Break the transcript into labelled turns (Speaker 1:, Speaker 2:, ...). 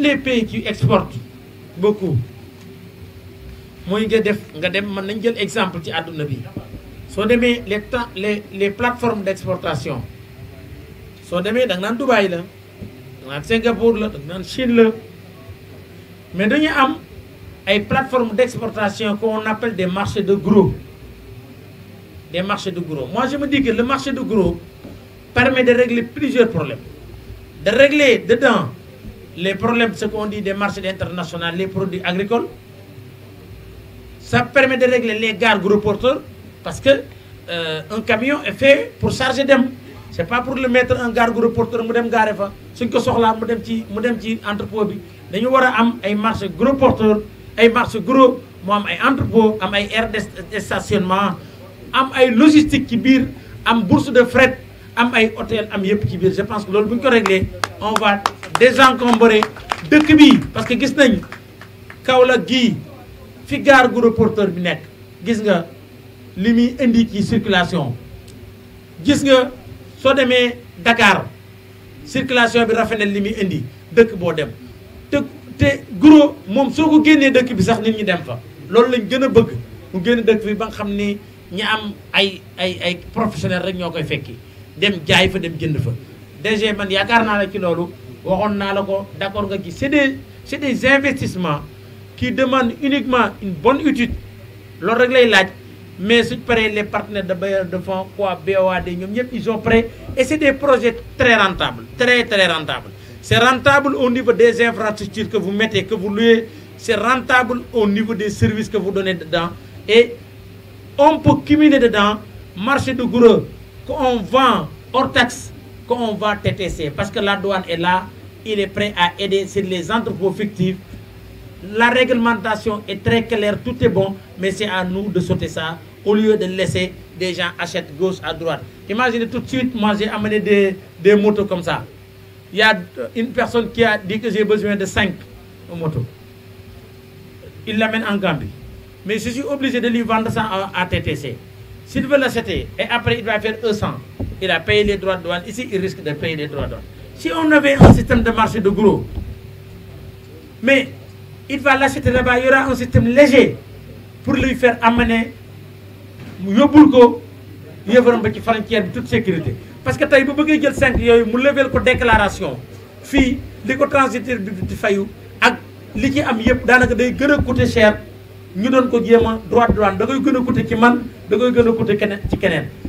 Speaker 1: les pays qui exportent beaucoup moi nga def nga dem jël exemple ci les les plateformes d'exportation Sont demee dans Dubaï la Singapour là, dans Chine mais dañu am ay plateformes d'exportation qu'on appelle des marchés de gros des marchés de gros moi je me dis que le marché de gros permet de régler plusieurs problèmes de régler dedans les problèmes, ce qu'on dit des marchés internationaux, les produits agricoles. Ça permet de régler les gares gros porteurs parce que euh, un camion est fait pour charger Ce C'est pas pour le mettre en gare gros porteur mu dem gaare fa suñ ko soxlaa mu dem ci mu dem ci entrepôt bi dañu un am marché gros porteur ay marché gros mu am ay entrepôt am ay de stationnement am ay logistique qui biir am bourse de fret am ay hôtel am yëpp je pense que loolu bu régler on va désencombré dëkk bi parce que gis nañ Kaolack gii fi gaar gu reporteur bi nekk gis nga li muy indi ci circulation gis nga soo demee Dakar circulation bi rafet na li muy indi dëkk boo dem te te guro moom soo ko génnee dëkk bi sax nit ñi dem fa loolu lañ gën a bëgg mu génn dëkk bi ba nga xam ni ñi am ay ay ay professionnel rek ñoo koy fekki dem jaay fa dem jënd fa DG man yaakaar naa la ci loolu waxon d'accord nga c'est des investissements qui demandent uniquement une bonne étude le rek lay mais les partenaires de de fonds quoi BOAD ils ont prêt et c'est des projets très rentables très très rentables c'est rentable au niveau des infrastructures que vous mettez que vous louez c'est rentable au niveau des services que vous donnez dedans et on peut cumuler dedans marché de gros qu'on vend hors taxe on va TTC, parce que la douane est là, il est prêt à aider sur les entrepôts fictifs. La réglementation est très claire, tout est bon, mais c'est à nous de sauter ça au lieu de laisser des gens achètent gauche à droite. Imaginez tout de suite, moi j'ai amené des, des, motos comme ça. Il y a une personne qui a dit que j'ai besoin de 5 motos. Il l'amène en Gambie. Mais je suis obligé de lui vendre ça à, TTC. S'il veut l'acheter, et après il va faire 200 il a payé les droits de douane, ici il risque de payer les droits de douane. Si on avait un système de marché de gros, mais il va l'acheter là-bas, il y aura un système léger pour lui faire amener aura Yoburgo, qui frontière de toute sécurité. Parce que taille, vous pouvez 5 yoyu, vous levez la déclaration. Fi, les transitaires de Fayou, ce qui am yëpp daanaka day de a coûter cher ñu donnons ko jéem a droit de douane da koy gën a coûter ci man da koy gën a coûter ci